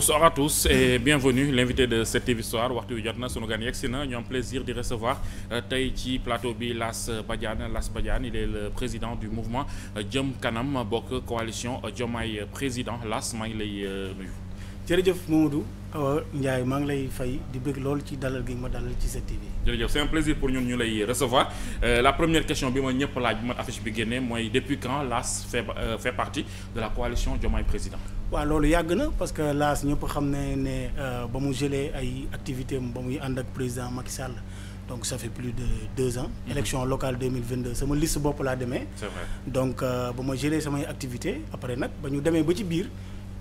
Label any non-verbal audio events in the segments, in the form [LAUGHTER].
bonsoir à tous et bienvenue l'invité de 7TV Soir waxtu wi jot na sunu gan yegsi na ñu am plaisir di recevoir euh, tey ci plateau bi Lass Badiane Lass Badiane il est le président du mouvement euh, Jëm Kanam bokk coalition euh, Diomaye président Lass maa ngi lay nuyu. jërëjëf Mamadou du Ndiaye maa ngi lay fay di bëgg lool ci dalal gi ma dalal ci 7TV. jërëjëf c'est un plaisir pour ñun ñu lay recevoir euh, la première question bi ma ñëpp laaj bi ma affiche bi génnee mooy depuis quand LAS fait euh, fait partie de la coalition Diomaye Président. waaw loolu yàgg na parce que LAS ñëpp xam ne ne euh, ba mu gelé ay activités am ba muy ànd ak président Macky Sall. donc ça fait plus de deux ans. Mm -hmm. élection locale 2022 sama liste bopp laa demee. c'est donc ba ma géré samay activités après nag ba ñu demee ba ci biir.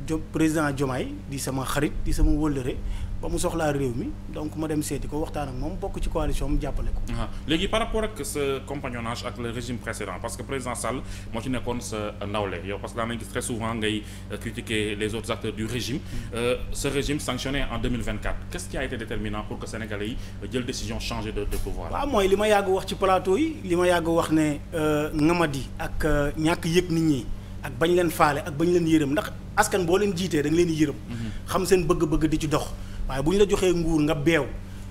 jo président Diomaye di sama xarit di sama wëllëre ba mu soxlaa réew mi donc ma dem seeti ko waxtaan ak moom bokk ci coalition mu jàppale ko. Ah, léegi par rapport ak sa compagnonnage ak le régime précédent parce que président Sall moo ci nekkoon sa ndawle yow parce que daan gis très souvent ngay euh, critiquer les autres acteurs du régime. Mm. Euh, ce régime sanctionné en 2024 qu'est-ce qui a été déterminant pour que sénégalais yi euh, jël décision changer de pouvoir. waaw mooy li ma yàgg wax ci plateau ma yàgg ak ñàkk yëg nit ñi. ak bañ leen faale ak bañ leen yërëm ndax askan boo leen jiitee da nga leen yërëm. Mhm. xam seen bëgg-bëgg di ci dox waaye bu ñu la joxee nguur nga beew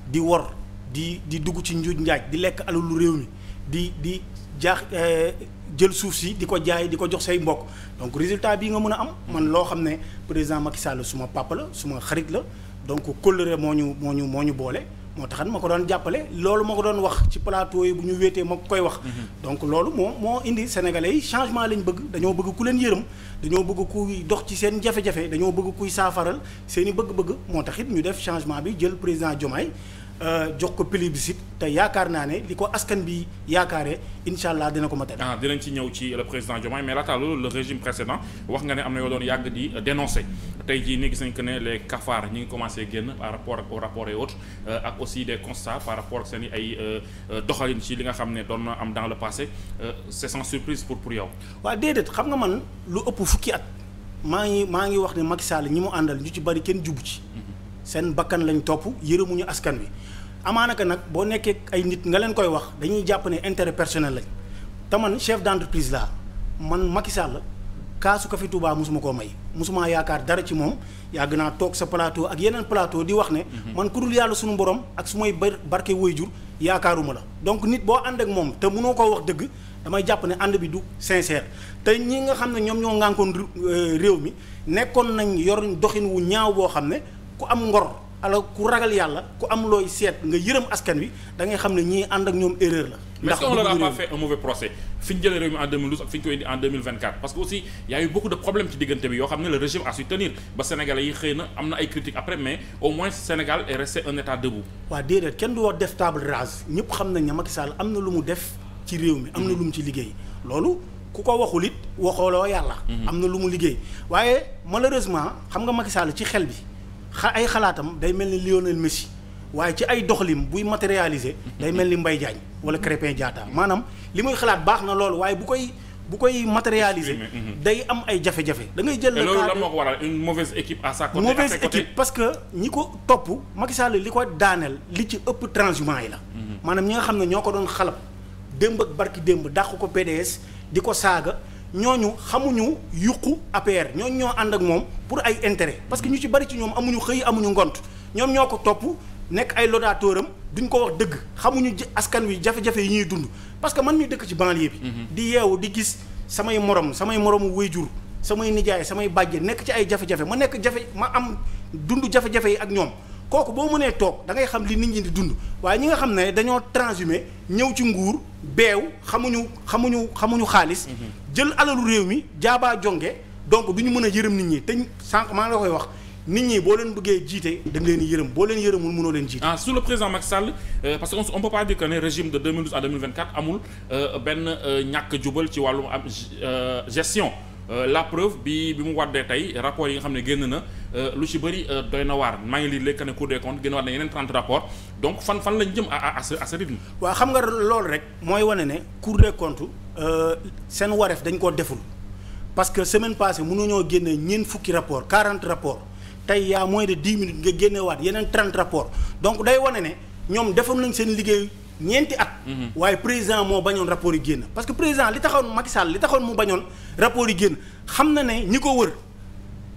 di wor di di dugg ci njuuj njaaj di lekk alalu réew mi di di jaax eh, jël suuf si di ko jaay di ko jox say mbokk donc résultat bii nga mën a am. Mhm. man loo xam ne président Macky Sall suma papa la suma xarit la donc kóllëre moo ñu moo ñu moo ñu boole. moo taxan ma ko doon jàppale loolu ma ko doon wax ci plateau yi bu ñu wéetee ma koy wax mhm. donc loolu moo moo indi sénégalais yi changement lañ bëgg dañoo bëgg ku leen yërëm dañoo bëgg kuy dox ci seen jafe-jafe dañoo bëgg kuy saafaral seen i bëgg-bëgg moo tax it ñu def changement bi jël président Diomaye euh, jox ko plébiscite te yaakaar naa ne li ko askan bi yaakaaree incha allah dina ko matal. ah dinañ ci ñëw ci le président Diomaye mais laata loolu le régime précédent wax nga ne am na yoo yàgg di dénoncer. tey jii nii sañ nañ que ne les cafards ñi ngi commencé génn par rapport ak au rapport euh, ak aussi des constats par rapport ak seen i ay euh, euh, doxalin ci li nga xam ne doon na am dans le passé c'est sans surprise pour pour yow. waaw déedéet xam nga man lu ëpp fukki at maa ngi maa ngi wax ne Macky Sall ñi mu àndal ñu ci bari kenn jubu ci. Mm-hmm. seen bakkan lañ topp yërëmuñu askan wi. amaana nag boo nekkee ay nit nga leen koy wax dañuy jàpp ne intérêt personnel lañ te man chef d'entreprise laa man Macky Sall la kaasu Café Touba mosuma koo may mosuma yaakaar dara ci moom yàgg naa toog sa palaato ak yeneen plateau di wax ne. Mhm. man ku dul yàlla sunu borom ak su may barke waajur yaakaaruma la. donc nit boo ànd ak moom te munoo koo wax dëgg damay jàpp ne ànd bi du sincère te ñi nga xam ne ñoom ñoo ngànkoon euh, réew mi nekkoon nañ yor doxin wu ñaaw boo xam ne ku am ngor. alors ku ragal yàlla ku am looy seet nga yërëm askan wi da ngay xam ne ñii ànd ak ñoom erreur la. mais est-ce qu'on leur a pas un mauvais procès fi ñu jëlee réew mi en 2012 ak fi ñu koy indi en 2024 parce que aussi y a eu beaucoup de problèmes ci diggante bi yoo xam ne le régime a su tenir ba sénégalais yi xëy na am na ay critiques après mais au moins Sénégal est resté un état debout. waaw déedéet kenn du wax def table rase ñëpp xam am na lu mu def ci réew mi. am na lu mu ci liggéey loolu ku ko waxul it waxooloo yàlla. Mhm. am na lu mu liggéey waaye malheureusement xam nga Macky Sall ci xel bi. xa ay xalaatam day mel ni Lionel Messi waaye ci ay doxalim buy matérialiser day mel ni mbay Diagne wala Crépin Diatta maanaam li muy xalaat baax na loolu waaye bu koy bu koy matérialiser. Mhm. day am ay jafe-jafe. da ngay jël loolu lan moo ko waral une mauvaise équipe à sa côté mauvaise équipe parce que ñi ko topp Macky Sall li ko daaneel li ci ëpp transhumant yi la. Mhm. maanaam ñi nga xam ne ñoo ko doon xalab démb ak barki démb dàq ko PDS di ko saaga. ñooñu xamuñu yuqu APR ñooñu ñoo ànd ak moom pour ay intérêt parce que ñu ci bari ci ñoom amuñu xëy amuñu ngont ñoom ñoo ko topp nekk ay lodatoram duñ ko wax dëgg xamuñu askan wi jafe-jafe yi ñuy dund parce que man ñu dëkk ci banlieue bi mhm. di yeewu di gis samay morom samay moromu wayjur samay nijaay samay bàjje nekk ci ay jafe-jafe ma nekk jafe ma am dund jafe-jafe yi ak ñoom kooku boo mënee toog dangay xam li nit ñi di dund waaye ñi nga xam ne dañoo transhumé ñëw ci nguur beew xamuñu xamuñu xamuñu xaalis. Mhm. jël alalu réew mi jaabaa jonge donc du ñu mën a yërëm nit ñi te sànq maa ngi koy wax nit ñi boo leen bëggee jiite dañ leen yërëm boo leen yërëmul mënoo leen jiite. ah sous le président Macky Sall euh, parce que on peut pas dire que ne régime de 2012 à amul euh, benn euh, ñàkk jubal ci wàllum am euh, gestion la preuve bi bi mu waddee tey rapport yi nga xam ne génn na. Euh, lu ci bari euh, doy na waar maa ngi lii léegi ne Cour des comptes gën a war na yeneen 30 rapport donc fan fan lañ jëm à à sa à ce rythme. xam nga loolu rek mooy wane ne Cour des comptes euh, seen wareef dañ koo deful parce que semaine passée mënuñoo génne ñeent fukki rapport 40 rapport tey yaa moins de 10 minutes nga génneewaat yeneen 30 rapport donc day wane ne ñoom defoon nañ seen liggéey. ñeenti at. Mhm. waaye président moo bañoon rapport yi génn parce que président li taxoon Macky Sall li taxoon mu bañoon rapport yi génn xam na ne ñi ko wër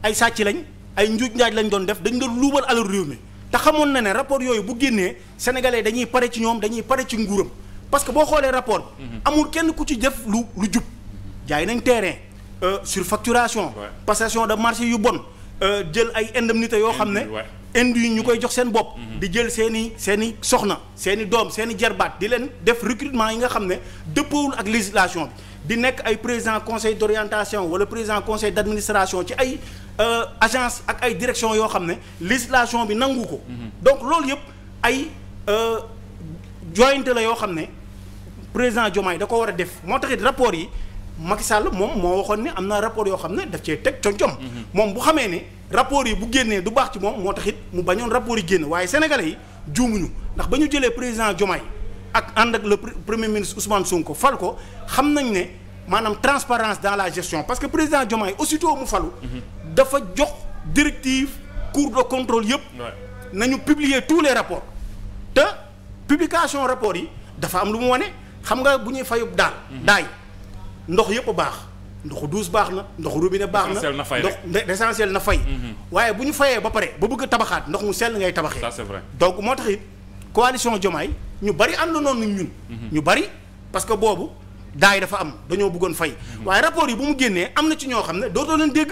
ay sàcc lañ. ay njuuj njaaj lañ doon def dañu doon luubal alal réew mi te xamoon na ne rapport yooyu bu génnee sénégalais dañuy pare ci ñoom dañuy pare ci nguuram parce que boo xoolee rapport mhm. amul kenn ku ci def lu lu jub mhm. jaay nañ terrain euh, surfacturation passation de marché yu bon euh, jël ay indemnité yoo xam ne indi yu ñu koy jox seen bopp mhm. di jël seen i seen i soxna seen i doom seen i jarbaat di leen def recrutement yi nga xam ne dëppawul ak législation bi di nekk ay président conseil d'orientation wala président conseil d'administration ci ay Euh, agence ak ay direction yoo xam ne législation bi nangu ko mhm. donc loolu yëpp ay euh, joyante la yoo xam ne président Diomaye da ko war a def moo taxit rapport yi Macky Sall moom moo waxoon ne am na rapport yoo xam ne daf cee teg concom mhm. moom bu xamee ne rapport yi bu génnee du baax ci moom moo taxit mu bañoon rapport yi génn waaye sénégalais yi juumuñu ndax ba ñu jëlee président Diomaye ak ànd ak le premier ministre Ousmane Sonko fal ko xam nañ ne maanaam transparence dans la gestion parce que président Diomaye aussitôt mu falu mhm. dafa jox directive cour de contrôle yëpp. nañu publier tous les rapports. te publication rapports yi dafa am lu mu wane xam nga bu ñuy fayub daal. Mhm. daay ndox yëpp baax ndoxu douche baax na ndoxu robinet baax na. essentiel na fay ndox essentiel na fay. Mhm. waaye bu ñu fayee ba pare ba bëgg tabaxaat ndox mu sell ngay tabaxee. ça c'est vrai moo tax it coalition Diomaye ñu bari ànd noonu ñun. Mhm. ñu bari parce que boobu daay dafa am dañoo bëggoon fay. waaye rapport yi bu mu génnee am na ci ñoo xam ne dootoo leen dégg.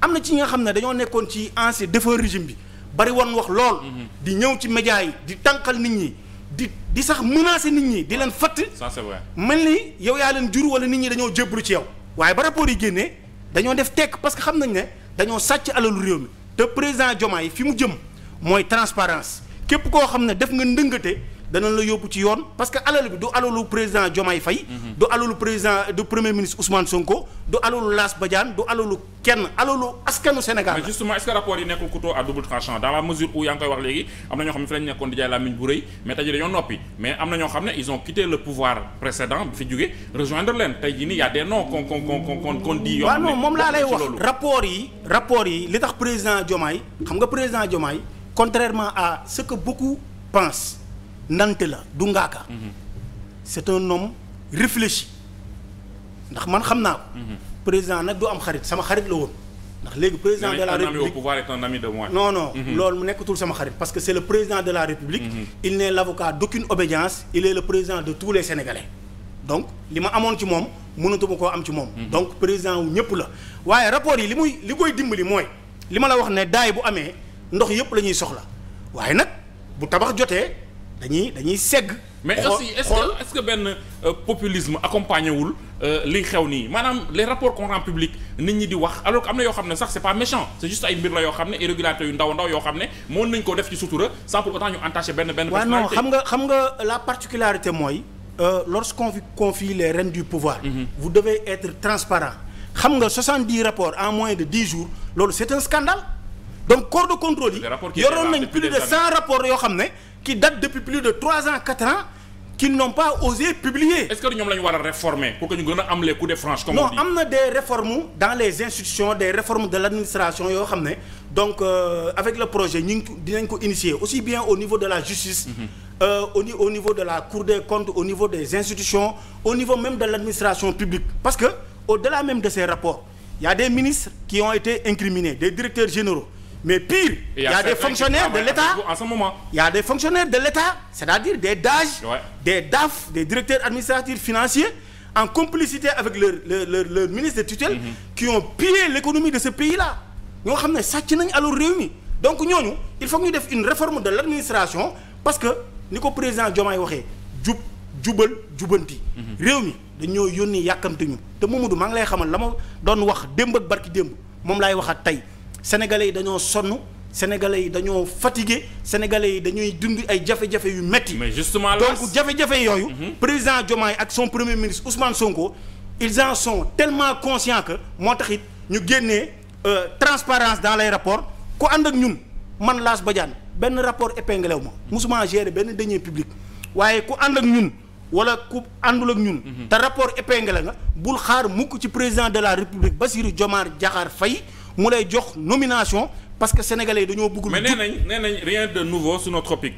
am na ci ñi nga xam ne dañoo nekkoon ci ancien dafa régime bi bari woon wax lool. Mhm. di ñëw ci média yi di tànqal nit ñi di di sax menacer nit ñi di leen fatt. ça mel ni yow yaa leen jur wala nit ñi dañoo jébbalu ci yow. waaye ba rapport yi génnee dañoo def tekk parce que xam nañ ne dañoo sàcc alalu réew mi te président yi fi mu jëm mooy transparence képp koo xam ne def nga ndëngate. danañ la yóbbu ci yoon parce que alal bi du alalu président Diomaye Faye mhm. du alalu président du premier ministre Ousmane Sonko du alalu Lass Badiane du alalu kenn alalu askanu Sénégal. mais justement est-ce que rapport yi nekkul couteau à double tranchant dans la mesure où yaa ngi koy wax léegi am na ñoo xam ne fi lañu nekkoon di jaay làmmiñ bu rëy mais tey jii dañoo noppi mais am na ñoo xam ne ils ont quitté le pouvoir précédent bi fi jóge rejoindre a des noms à ce que beaucoup pensent nante la du ngaaka mhm. c'est un homme réfléchi ndax man xam naa ko mhm. président nag du am xarit sama xarit la woon ndax léegi président de la république pouvoir est un ami de moi non non mhm. loolu mu nekkatul sama xarit parce que c'est le président de la république il n'est l'avocat d'aucune obédience il est le président de tous les sénégalais donc li ma amoon ci moom mënatuma koo am ci moom donc président wu ñëpp la waaye rapport yi li muy li koy dimbali mooy li ma la wax ne daay bu amee ndox yëpp la ñuy soxla waaye nag bu tabax jotee dañuy dañuy segg. mais aussi est-ce que est-ce benn euh, populisme accompagné wul euh, liy xew nii maanaam les rapports qu'on rend public nit ñi di wax alors que am na yoo xam ne sax c'est pas méchant c'est juste ay mbir la yoo xam ne irrégularité yu ndaw ndaw yoo xam ne mën nañ ko def ci sutura sans pour autant ñu entacher benn benn. waaw non xam nga xam nga la particularité mooy. Euh, lorsqu'on confie les rênes du pouvoir. Mhm. vous devez être transparent. xam nga 70 rapports en moins de 10 jours loolu c'est un scandale donc corps de contrôle yi. yoroon nañ plus de 100 rapports yoo xam ne. qui datent depuis plus de trois ans quatre ans qui n'ont pas osé publier. est-ce que ñoom la ñu war a réformer pour que ñu gën a am les coups de franche. non am na des réformes dans les institutions des réformes de l'administration yoo xam ne donc euh, avec le projet ñu ngi dinañ ko initier aussi bien au niveau de la justice. Mhm. Euh, au au niveau de la Cour des comptes au niveau des institutions au niveau même de l'administration publique parce que au-delà même de ces rapports il des ministres qui mais pire. il y a des fonctionnaires de l'État en ce moment. il a des fonctionnaires de l'État c'est-à-dire des DAGE. Ouais. des DAF des directeurs administratifs financiers en complicité avec leur leur leur, leur ministre de tutelle. Mm -hmm. qui ont pillé l'économie de ce pays là. ñoo xam ne sàcc nañ alors réew mi donc ñooñu il faut que ñu def une réforme de l'administration parce que ni ko président Diomaye waxee jub jubal jubanti. Mhm. réew mi dañoo yónni yàkkamte ñu te Mamadou maa ngi lay xamal la ma doon wax démb ak barki démb moom laay waxaat tey. sénégalais yi dañoo sonn sénégalais yi dañoo fatigué sénégalais yi dañuy dund ay jafe-jafe yu metti mais justement donc jafe-jafe yooyu. Mhm. président Diomaye ak son premier ministre Ousmane Sonko. ils en sont tellement conscients que moo tax it ñu génnee euh, transparence dans les rapports ku ànd ak ñun man Lass Badiane benn rapport épinglé wu ma. musuma gérer benn denier public waaye ku ànd ak ñun. wala ku àndul ak ñun. Mhm. te rapport épinglé nga. bul xaar mukk ci président de la république Bassirou Diomaye Diakhar Faye mu lay jox nomination parce que sénégalais yi dañoo bëggul. mais nee nañ nee nañ rien de nouveau sur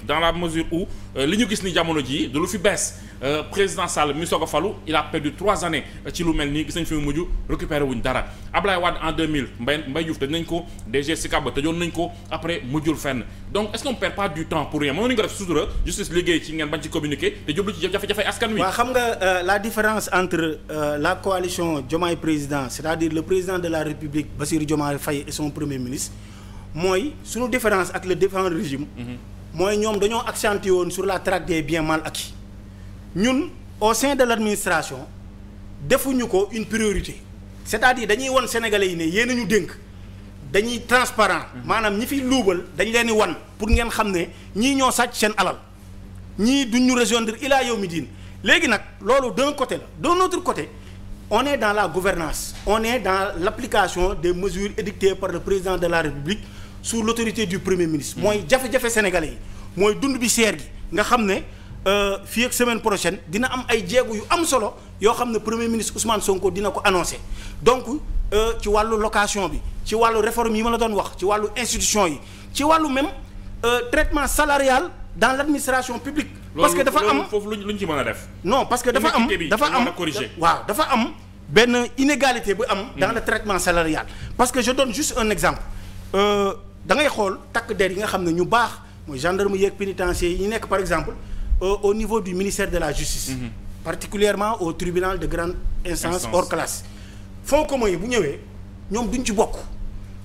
dans la mesure où euh, li ñu gis ni jamono jii du lu fi bees euh, président Sall mi soog a falu il a perdu trois années ci lu mel nii gis nañ fi mu mujj récupéré wuñ dara Ablaye Wade en 2000 Mbaye Mbaye Diouf dañ nañ ko DG Sicap ba tëjoon nañ ko après mujjul fenn donc est-ce qu'on perd pas du temps pour rien mënoon nañu ko def sutura justice liggéey ci ngeen bañ ci communiquer te jublu mooy suñu différence ak le différent régime mooy ñoom dañoo accentué woon sur la traque des biens mal acquis ñun au sein de l' administration defuñu ko une priorité c' à di dañuy wan sénégalais yi ne yéen ñu dénk dañuy transparent maanaam ñi fiy luubal dañ leen di wan pour ngeen xam ne ñii ñoo sàcc seen alal ñii duñ ñu rejoindre ilaa yow mi diin léegi nag loolu d'un côté la d'un autre côté on est dans la gouvernance on est dans l' application des mesures édictées par le président de la république sous l'autorité du premier ministre. mooy jafe-jafe sénégalais yi mooy dund bi seer gi nga xam ne euh, fii ak semaine prochaine dina am ay jéego yu am solo yoo xam ne premier ministre Ousmane Sonko dina ko annoncé donc euh, ci wàllu location bi ci wàllu réforme yi ma la doon wax ci wàllu institution yi ci wàllu même euh, traitement salarial dans l'administration publique. parce que dafa am foofu luñ ci mën a def. non parce que dafa am dafa am waaw dafa am benn inégalité bu am. dans hmm. le traitement salarial parce que je donne juste un exemple. da ngay xool takk der yi nga xam ne ñu baax mooy gendarme yeeg pénitencier yi ñu nekk par exemple euh, au niveau du ministère de la justice mm-hmm. particulièrement au tribunal de grande instance or classe fonds ko yi bu ñëwee ñoom duñ ci bokk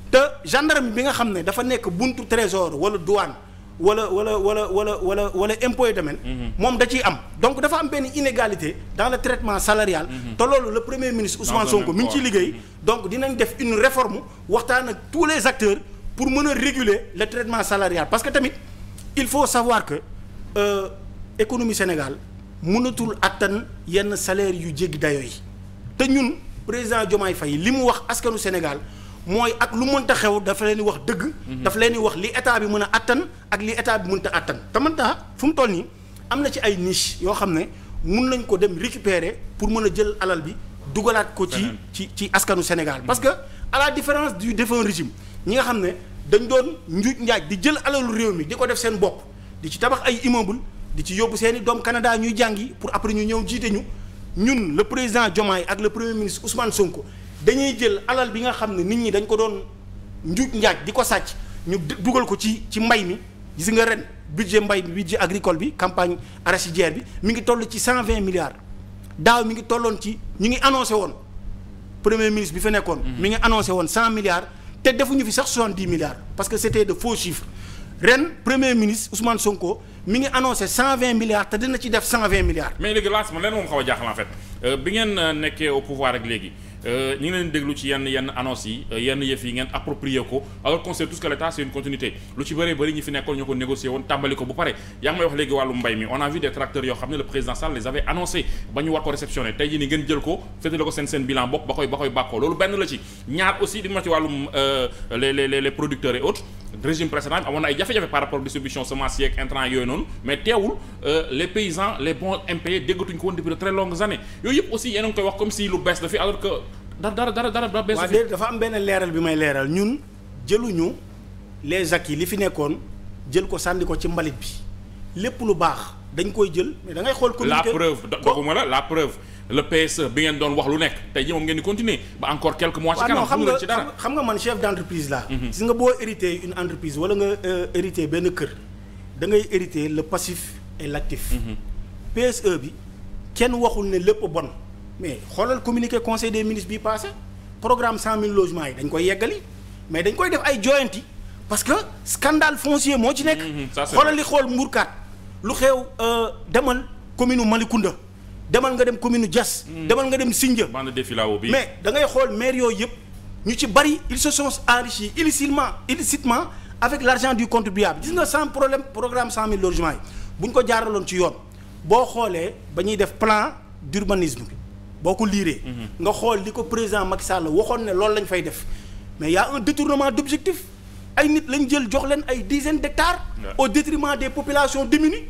te gendarme bi nga xam ne dafa nekk buntu trésor wala douane wala wala wala wala wala wala impôt et domaine mm-hmm. moom da ciy am donc dafa am benn inégalité dans le traitement salarial mm-hmm. te loolu le premier ministre Ousmane Sonko mi ngi ciy liggéey donc dinañ def une réforme waxtaan ak tous les acteurs pour mën a réguler le traitement salarial parce que tamit il faut savoir que euh, économie Sénégal mënatul attan yenn salaire yu jéggi dayo yi te ñun président jomaay fay li mu wax askanu Sénégal mooy ak lu mënta xew dafa leen di wax dëgg. Mhm. dafa leen di wax li état bi mën a attan ak li état bi mënta attan. te mënta fu mu toll nii am na ci ay niche yoo xam ne mun nañ ko dem récupérer pour mën a jël alal bi dugalaat ko ci ci ci askanu Sénégal. parce que à la différence du défunt régime. ñi nga xam ne dañu doon njuuj njaaj di jël alalu réew mi di ko def seen bopp di ci tabax ay immeuble di ci yóbbu seen i doom Canada ñuy jàngi pour après ñu ñëw jiite ñu ñun le président Diomaye ak le premier ministre Ousmane Sonko dañuy jël alal bi nga xam ne nit ñi dañ ko doon njuuj njaaj di ko sàcc ñu dugal ko ci ci mbay mi si nga ren budget mbay bi budget agricole bi campagne arachidière bi mi ngi toll ci cent vingt milliards daaw mi ngi tolloon ci ñu ngi annoncé woon premier ministre bi fa nekkoon mm. mi ngi annoncé woon cent milliards te defuñu fi sax soixante-dix milliards parce que c'était de faux chiffres ren premier ministre Ousmane Sonko mi ngi annoncé cent vingt milliards te dina ci def cent vingt milliards. mais léegi laas ma leen moom xaw a jaaxal en euh, bi ngeen euh, nekkee au pouvoir ak léegi. Euh, ñu ngi leen déglu ci yenn yenn annonce yi euh, yenn yëf yi ngeen approprié ko alors qu'on sait tous que l'État c'est une continuité lu ci bëree bëri ñi fi nekkoon ñoo ko négocié woon tàmbali ko bu pare yaa ngi may wax léegi wàllu mbay mi on a vu des tracteurs yoo xam ne le président Sall les avait annoncé ba ñu war ko réceptionné tey ni ngeen jël ko féetale ko seen seen bilan bopp ba koy ba koy bàkkoo loolu benn la ci ñaar aussi di ma ci wàllum euh, les les les producteurs régime précédent bi amoon na ay jafe-jafe par rapport distribution semence yeeg intrant yooyu noonu mais teewul euh, les paysans les bons impayés déggatuñ ko woon depuis de longues années yooyu yëpp aussi yéen a ngi koy wax comme si lu bees la fi alors que dara dara dara dara bees fi dafa am benn leeral bi may leeral ñun jëluñu les acquis li fi nekkoon jël ko sànni ko ci mbalit bi lépp lu baax dañ koy jël mais da xool. communiqué la preuve doguma la la preuve. le PSE bi ngeen doon wax lu nekk tey ji moom ngeen di continuer ba encore quelques mois. ci kanam xam nga man chef d' entreprise laa. Mhm. gis nga boo hérité une entreprise wala nga euh, hérité benn kër dangay ngay hérité le passif et l' actif. Mhm. PSE bi kenn waxul ne lépp bon mais xoolal communiqué conseil des ministres bi passé programme 100000 logements yi dañ koy yeggali mais dañ koy def ay joyanti parce que scandale foncier moo ci nekk. Mhm, xoolal li xool mburkaat lu xew euh, demal commune Malicounda demal nga dem commune Diass hmm. demal nga dem Sindia mais da ngay xool maire yooyu yëpp ñu ci bari ils se sont enrichis illicitement illicitement avec l'argent du contribuable gis nga sans problème programme cent mille logements yi bu ñu ko jaaraloon ci yoon boo xoolee ba ñuy def plan d'urbanisme boo ko liiree hmm. nga xool li ko président Macky Sall waxoon ne loolu lañ fay def mais y a un détournement d'objectif ay nit lañ jël jox leen ay dizaines d'hectares au détriment des populations démunies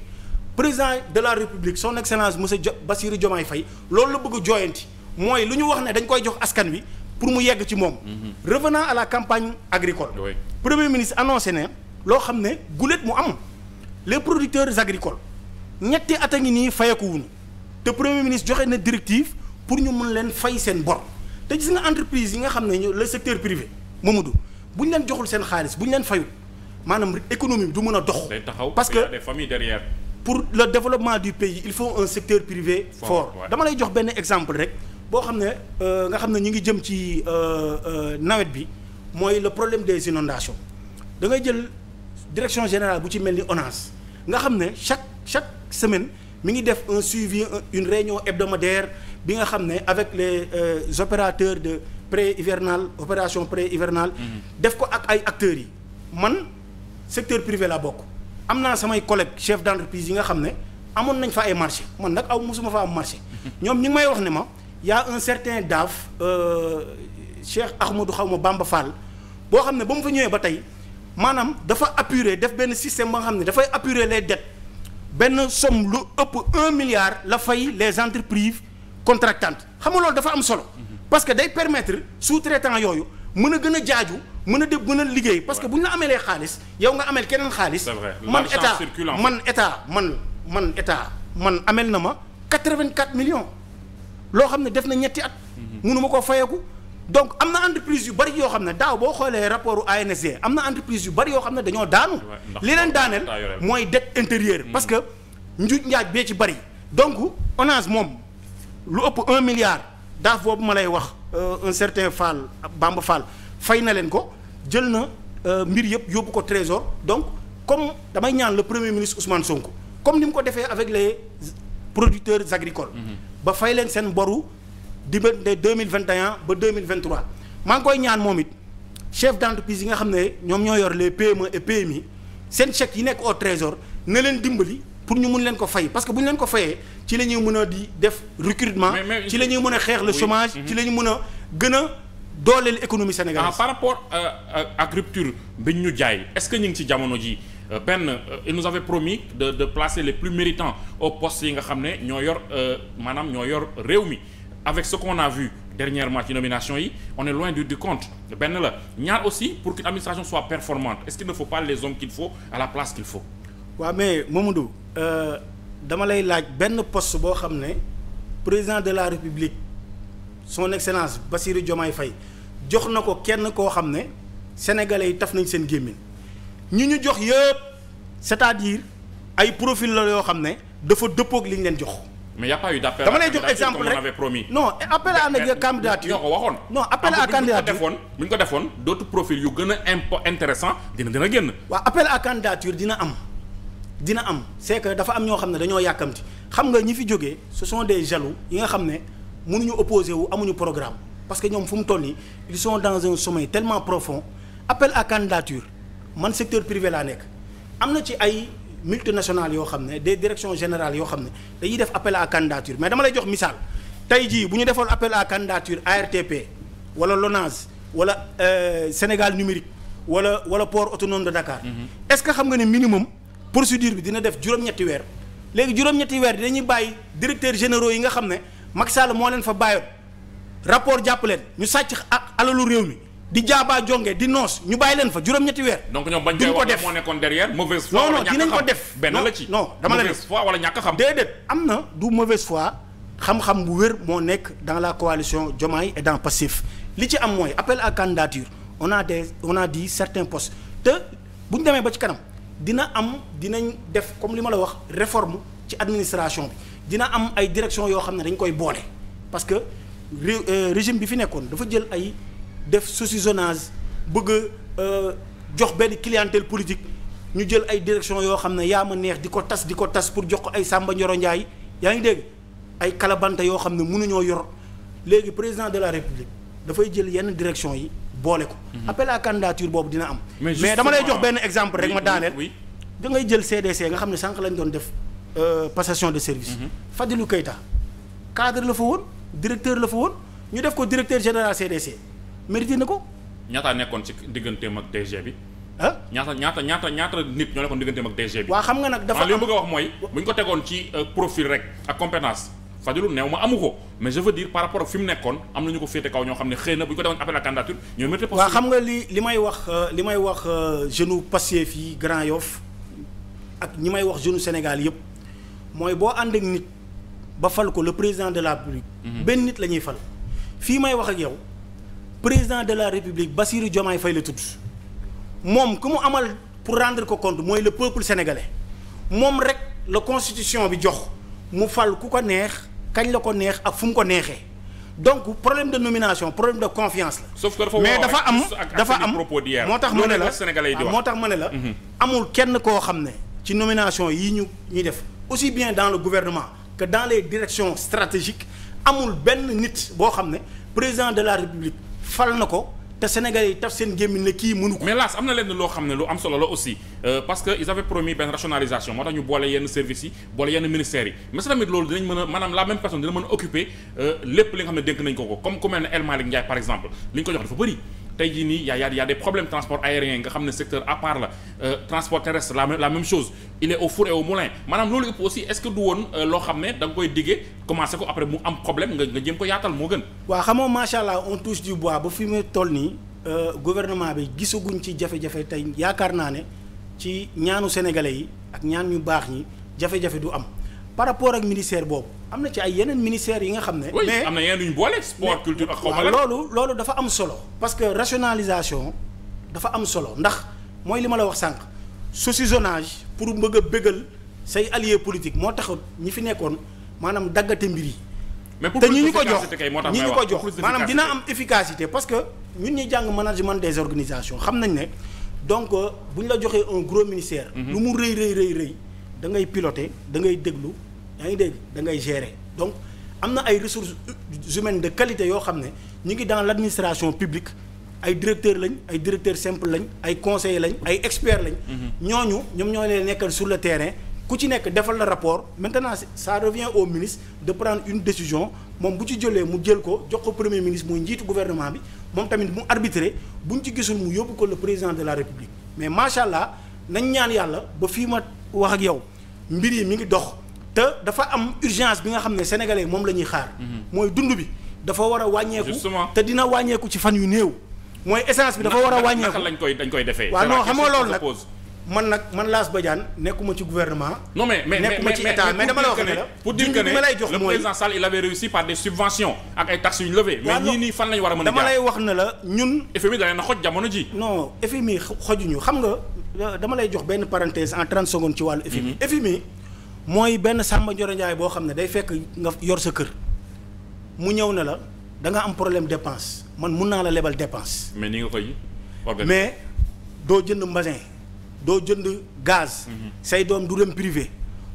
président de la république son excellence monsieur Bassirou Diomaye Faye loolu la bëgg a jooyanti mooy lu ñu wax ne dañ koy jox askan wi pour mu yegg ci moom. Mhm. revenant à la campagne agricole. Oui. premier ministre annoncé ne loo xam ne gulet mu am les producteurs agricoles ñetti at a ngi nii fayeku wuñu te premier ministre joxe na directive pour ñu mun leen fay seen bor te gis nga entreprise yi nga xam ne le secteur privé Mamadou bu ñu leen joxul seen xaalis bu ñu leen fayul maanaam économie bi du a dox. taxaw parce que y a des pour le développement du pays il faut un secteur privé fort dama lay jox benn exemple rek boo xam ne euh, nga xam ne ñu ngi jëm ci euh, euh, nawet bi mooy le problème des inondations dangay jël direction générale bu ci mel ni ONAS nga xam ne chaque chaque semaine mi ngi def un suivi une réunion hebdomadaire bi nga xam ne avec les euh, opérateurs de pré hivernal opération pré hivernal mhm. def ko ak ay acteurs yi man secteur privé laa bokk am naa samay collègues chef d' entreprise yi nga xam ne amoon nañ fa ay marché man nag aw mosuma fa am marché ñoom ñi may wax ne ma y' a un certain daaf euh, Cheikh Ahmadou xaw ma Bamba fàll boo xam ne ba mu fa ñëwee ba tey maanaam dafa apuré def benn système ba nga xam ne dafay apuré les dettes benn somme lu ëpp un milliard la fay les entreprises contractantes xam nga loolu dafa am solo parce que day permettre sous-traitant yooyu mën a gën a jaaju mën a def mën a liggéey parce que bu ñu la ameelee xaalis yow nga ameel keneen xaalis man état man état man man état man amel na ma quatre-vingt-quatre millions loo xam ne def na ñetti at mënuma mhm. koo fayeku donc am na entreprise yu bari yoo xam ne daaw boo xoolee rapport ANSD am na entreprise yu bari yoo xam ne dañoo daanu li leen daaneel mooy dette intérieur mhm. parce que njuuj njaaj bee ci bari donc ONAS moom lu ëpp un milliard daaf boobu ma lay wax Euh, un certain Fall Bamba Fall fay na leen ko jël na euh, mbir yëpp yóbbu ko trésor donc comme damay ñaan le premier ministre Ousmane Sonko comme ni mu ko defee avec les producteurs agricoles. Mhm. ba fay leen seen boru diggante deux mille vingt et un ba deux mille vingt trois maa ngi koy ñaan moom it chef d' entreprise yi nga xam ne ñoom ñoo yor les PME et PMI seen chèques yi nekk au trésor ne leen dimbali. pour ñu mun leen ko fay parce que bu ñu leen ko fayee ci la ñuy mën a di def recrutement ci la ñuy mën a xeex le chômage mhm. ci la ñu mën a gën a dooleel économie sénégalaise ah, par rapport euh, euh, ak rupture bi ñu jaay est-ce que ñu ngi ci jamono ji euh, benn il nous avait promis de de placer les plus méritants au poste yi nga xam ne ñoo yor maanaam ñoo yor réew mi avec ce qu'on a vu dernièrement ci nomination yi on est loin du du compte benn la ñaar aussi pour qu'une administration soit performante les hommes qu'il faut la place qu'il waa mais Mamadou euh, dama lay laaj benn poste boo xam ne président de la république son excellence Bassirou Diomaye fay jox na ko kenn koo xam ne sénégalais yi taf nañ seen gémmiñ ñu ñu jox yëpp c'est-à-dire ay profil la yoo xam ne dafa dëppoog li ñu leen jox. mais y' a pas eu d' appel dama lay jox exemple rek non appel à nag candidature ko waxoon. non appel à candidature bu ñu ko defoon dootu profil yu gën a impo intéressant dina dina génn. waa appel à candidature dina am. dina am c'est que dafa am ñoo xam ne dañoo yàkkamti xam nga ñi fi jógee ce sont des jaloux yi nga xam ne mu mënuñu opposé wu amuñu programme parce que ñoom fu mu toll nii ils sont dans un sommeil tellement profond appel à candidature man secteur privé laa nekk am na ci ay multinationales yoo xam ne des direction générales yoo xam ne dañuy def appel à candidature mais dama lay jox misaal tey jii bu ñu defoon appel à candidature ARTP wala LONASE wala euh, Sénégal numérique wala wala port autonome de Dakar. Mm-hmm. est-ce que xam nga ne minimum. procédure bi dina def juróom-ñetti weer léegi juróom-ñetti weer dinañuy bàyyi directeurs généraux yi nga xam ne Macky Sall moo leen fa bàyyoon rapport jàpp leen ñu sàcc ak alalu réew mi di jaabaa jonge di noos ñu bàyyi leen fa juróom-ñetti weer. donc ñoom bañ koy wax moo nekkoon derrière mauvaise foi wala ñàkk xam non non dinañ ko def. benn la ci non dama la mauvaise foi am na du mauvaise foi xam-xam bu wér moo nekk dans la coalition Diomaye et dans Pastef li ci am mooy appel à candidature on a des on a dit certains postes te bu ñu demee ba ci kanam dina am dinañ def comme li ma la wax réforme ci administration bi dina am ay direction yoo xam ne dañ koy boole parce que euh, régime bi fi nekkoon dafa jël ay def saucissonnage bëgg a euh, jox benn clientèle politique ñu jël ay direction yoo xam ne yaa ma neex di ko tas di ko tas pour jox ko ay Samba Ndioro Ndiaye yaa ngi dégg ay kalabante yoo xam ne mënuñoo yor léegi président de la république dafay jël yenn direction yi boole ko. Mhm. appel à candidature boobu dina am. mais dama lay jox benn exemple rek ma daaneel. da ngay jël CDC nga xam ne sànq lañ doon def euh, passation de service. Mhm. Fadilou Keita cadre la fa woon directeur la fa woon ñu def ko directeur général CDC mérité na ko. ñaata nekkoon ci digganteem ak DG bi. ah ñaata ñaata ñaata ñaata nit ñoo nekkoon digganteem ak DG bi. waaw xam nga nag dafa am li wax mooy. bu ñu ko tegoon ci euh, profil rek ak compétence. fajulu neew ma amu ko mais je veux dire par rapport ak fi mu nekkoon am na ñu ko féete kaw ñoo xam ne xëy na bu ñu ko demoon appel à candidature ñoo mérité waaw xam nga li may wax li may wax euh, euh, jeune Pastef yi Grand Yoff ak ñi may wax jeune Sénégal yëpp mooy boo ànd ak nit ba fal ko le président de la République mhm. benn nit la ñuy fal fii may wax ak yow président de la République Bassirou Diomaye fay la tudd moom ku mu amal pour rendre ko compte mooy le peuple sénégalais moom rek la constitution bi jox mu fal ku ko neex kañ la ko neex ak fu mu ko neexee donc problème de nomination problème de confiance la. sauf mais dafa am dafa am moo tax ma ne la moo tax ma ne la. amul kenn koo xam ne ci nomination yi ñu ñuy def aussi bien dans le gouvernement que dans les directions stratégiques amul benn nit boo xam ne président de la république fal na ko. te Sénégalais yi taf seen gémmiñ ne kii mënu ko. mais am na lenn loo xam ne lu am solo la aussi euh, parce que ils avaient promis benn rationalisation moo tax ñu boole yenn services yi boole yenn ministères yi mais loolu dinañ mën a maanaam la même personne dina mën a occuper euh, lépp li nga xam ne dénk nañ ko ko comme ku El Malick Ndiaye par exemple li ñu ko jox dafa bëri. tey ji nii y' a y' a des problèmes transport aérien nga xam ne secteur à la euh, transport terrestre la la chose il est au four et au moulin maanaam loolu yëpp aussi est que du woon euh, loo xam ne da koy diggee commencé ko après mu am problème nga nga jéem ko yaatal moo gën. waaw xam nga macha allah on touche du bois ba fi mu toll nii euh, gouvernement bi gisaguñ ci jafe-jafe tey yaakaar naa ne ci ñaanu sénégalais yi ak ñaan ñu baax ñi jafe-jafe du am par rapport ak ministère boobu. am na ci ay yeneen ministères yi nga xam ne. mais am na yeneen ñu boole sport culture ak xaw loolu loolu dafa am solo. parce que rationalisation dafa am solo ndax mooy li ma la wax sànq saucissonnage pour mbëgg a bégal say alliés politiques moo taxut ñi fi nekkoon maanaam daggate mbir yi. te ñi ñu ko jox ñi ñu ko jox maanaam dina am efficacité parce que ñun ñuy jàng management des organisations xam nañ ne donc euh, bu ñu la joxee un gros ministère. Mm-hmm. lu mu rëy rëy rëy rëy da ngay piloter da ngay déglu. yaa ngi dégg da ngay gérer donc am na ay ressources humaines de qualité yoo xam ne ñu ngi dans l' administration publique ay directeurs lañ ay directeurs simples lañ ay conseil lañ ay experts lañ. Mm-hmm. ñooñu ñoom ñoo leen nekkal sur le terrain ku ci nekk defal la rapport maintenant ça revient au ministre de prendre une décision moom bu ci jëlee mu jël ko jox ko premier ministre muy njiitu gouvernement bi moom tamit mu arbitré buñ ci gisul mu yóbbu ko le président la république mais macha allah nañ ñaan yàlla ba fii ma wax ak yow mbir yi mi ngi dox. te dafa am urgence bi nga xam ne sénégalais moom la ñuy xaar. Mhm. mooy dund bi dafa war a wàññeeku. te dina wàññeeku ci fan yu néew. mooy essence bi dafa war a wàññeeku naka lañ koy dañ koy defee. waaw non xam nga loolu nag man nag man Lass Badiane nekkuma ci guvernement non mais mais nekkuma ci état mais dama la wax ne la. pour dire que ne le président ñu a mën a dama lay wax ne la ñun. FMI da leen a xoj jamono ji. non FMI xojuñu xam nga dama lay jox benn parenthèse en 30 secondes ci wàllu FMI. Mhm. FMI mooy benn Samba Ndioro boo xam ne day fekk nga yor sa kër mu ñëw ne la da nga am problème dépense man mun naa la lebal dépense. mais ni nga koy mais doo jënd mbasin doo jënd gaz. Mhm. say doom du dem privé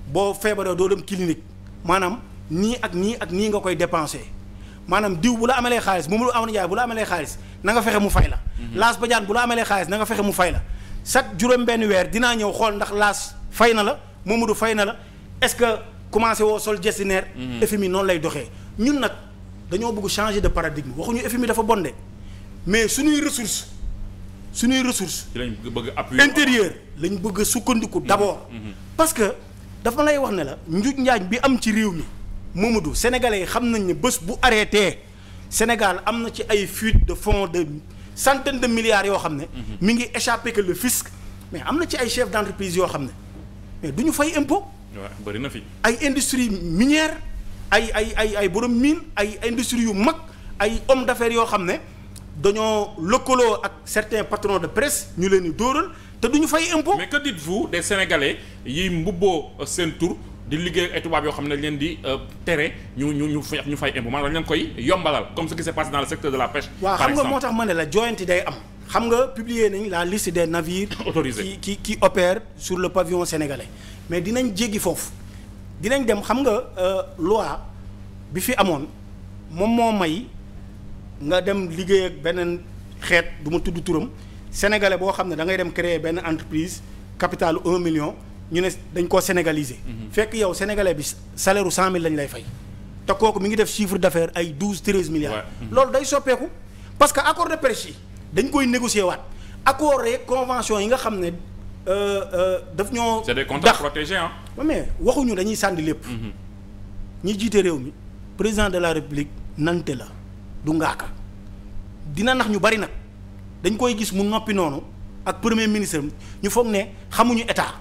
boo feebaree doo dem clinique maanaam nii ak nii ak nii nga koy dépensé maanaam diw bu la amalee xaalis moom lu amoon jaay bu la amalee xaalis nanga nga fexe mu fay la. Mhm. laas bajaan bu la amalee xaalis na nga fexe mu fay la chaque juróom benn weer dinaa ñëw xool ndax laas fay na la Momadou fay na la est-ce que commencé woo sol gestionnaire. Mhm. FMI noonu lay doxee ñun nag dañoo bëgg changer de paradigme waxuñu FMI dafa bondé mais suñuy ressources suñuy ressources. bëgg appuyer intérieur lañ bëgg a sukkandiku mhm. d'abord. Mhm. parce que dafa lay wax ne la njuuj njaañ bi am ci réew mi Mamadou sénégalais yi xam nañ ne bés bu arrêté Sénégal am na ci ay fuite de fonds de centaines de milliards yoo xam ne. mi ngi échappé que le fisc mais am na ci ay chefs d'entreprise yoo xam ne mais duñu fay impôt. waaw bari na fi. ay industrie minière ay ay ay ay borom mine ay industrie yu mag ay homme d'affaires yoo xam ne dañoo lëkkaloo ak certains patrons de presse ñu leen di dóoral te du ñu fay impôt. mais que dites-vous des sénégalais yiy mbubboo seen tur di liggéey ay tubaab yoo xam ne leen di euh, tere ñu ñu ñu ñu fay impôt maanaam dañ leen koy yombalal comme ce qui se passe dans le secteur de la pêche. par xam nga moo tax ma ne la joyante day am. xam nga publier nañ la liste des navires [LAUGHS] autorisés qui qui qui opèrent sur le pavillon sénégalais mais dinañ jéggi foofu dinañ dem xam nga euh, loi bi fi amoon moom moo may nga dem liggéey ak beneen xeet du ma tudd turam sénégalais boo xam ne da ngay dem créer benn entreprise capital un million ñu ne dañ koo sénégaliser. Mhm. fekk yow sénégalais bi salaire u cent mille lañ lay fay. te kooku mu ngi def chiffre d'affaires ay douze treize milliards. Mhm. loolu day soppeeku parce que accord de pêche dañ koy négocier waat accord rek convention yi nga xam ne euh, euh, daf ñoo. c'est des contrats mais waxuñu dañuy sànni lépp. Mm-hmm. ñi jiite réew mi président de la république nante la du ngaaka dina nax ñu bari nag dañ koy gis mu noppi noonu ak premier ministre ñu foog ne xamuñu état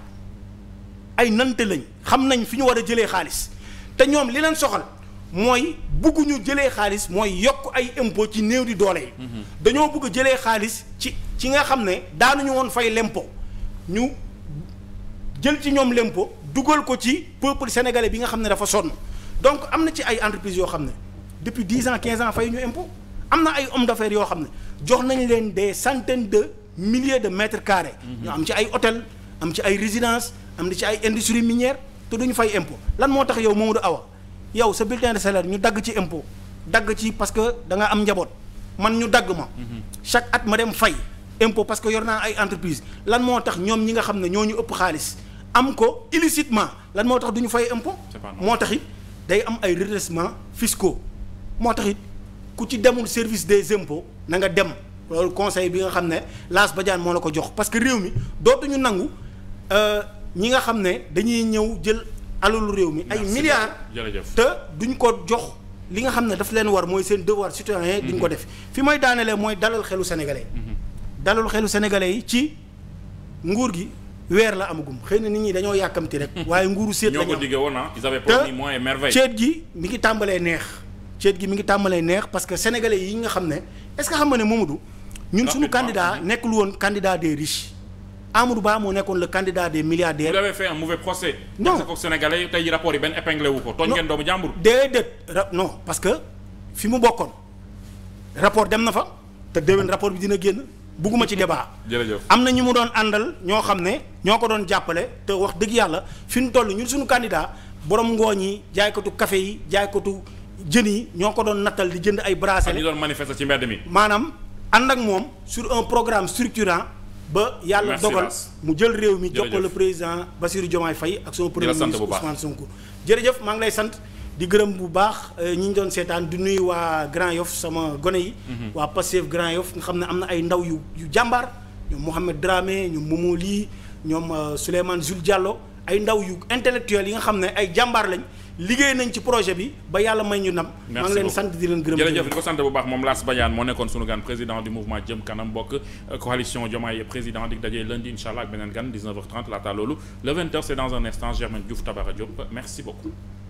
ay nante lañ xam nañ fi ñu war a jëlee xaalis te ñoom li leen soxal. mooy bugguñu jëlee xaalis mooy yokk ay impôt ci néew di doole yi mhm. dañoo bëgg jëlee xaalis ci ci nga xam ne daanuñu woon fay lempo ñu jël ci ñoom lempo dugal ko ci peuple sénégalais bi nga xam ne dafa sonn donc am na ci ay entreprises yoo xam ne depuis dix ans quinze ans fay ñu impôt am na ay hommes d'affaires yoo xam ne jox nañ leen des centaines de milliers de mètres carrés mhm. ñu am ci ay hôtel am ci ay résidence am na ci ay industrie minière te duñu fay impôt lan moo tax yow Mamadou Awa yow sa bulletin de salaire ñu dagg ci impôt dagg ci parce que da am njaboot man ñu dagg ma. Mhm. chaque at ma dem fay impôt parce que yor naa ay entreprise lan moo tax ñoom ñi nga xam ne ñoo ñu ëpp xaalis am ko illicitement lan moo tax duñu fay impo moo tax it day am ay redressement fiscaux moo tax it ku ci demul service des impôts na nga dem loolu conseil bi nga xam ne Lass Badiane moo la ko jox parce que réew mi dootuñu nangu euh, ñi nga xam ne dañuy ñëw jël. alalu réew mi ay milliards te duñ ko jox li nga xam ne daf leen war mooy seen devoir citoyen duñ ko mhm. def fi mooy daanelee mooy dalal xelu sénégalais mhm. dalal xelu sénégalais yi ci nguur gi weer la amagum xëy na nit ñi dañoo yàkkamti rek [LAUGHS] waaye nguuru seet la ah. te ceet gi mi ngi tàmbalee neex ceet gi mi ngi tàmbalee neex parce que sénégalais yi nga xam ne est-ce que xam nga ne Mamadou ñun ah, suñu candidat nekkul woon candidat des riches Amadou baa moo nekkoon le candidat des milliardaires. vous avez fait un mauvais procès. non parce que sénégalais tey rapport yi benn épinglé wu ko. tooñ ngeen parce que fi mu bokkoon rapport dem na fa te déwén rapport bi dina génn bugguma ci débat. jërëjëf am na ñu mu doon àndal ñoo xam ne ñoo ko doon jàppale te wax dëgg yàlla fi mu toll ñu suñu candidat borom ngooñ yi jaaykatu kafe yi jaaykatu jën yi ñoo ko doon nattal di jënd ay bracelet. ak doon manifester ci mbedd mi. maanaam ànd ak moom sur un programme structurant. ba yàlla dogal mu jël réew mi jox ko le président Bassirou Diomaye Faye ak son premier ministre Ousmane Sonko jërëjëf maa ngi lay sant di gërëm bu baax euh, ñi ñu doon seetaan di nuyu waa Grand Yoff sama gone yi mhm. waa Pastef Grand Yoff nga xam ne am na ay ndaw yu yu jàmbaar ñoom Mohamed Dramé ñoom Momo Ly ñoom euh, Souleymane Jules Diallo ay ndaw yu intellectuels yi nga xam ne ay jàmbaar lañ liggéey nañ ci projet bi ba yàlla may ñu nam maa ngi leen sant di leen gërëm jërëjëf di ko sant bu baax moom Lass Badiane moo nekkoon sunu gan président du mouvement jëm kanam bokk euh, coalition Diomaye président di dajee lundi incha allah ak beneen gan 19h30 laata loolu le 20h c'est dans un instant Germaine Diouf Tabara merci beaucoup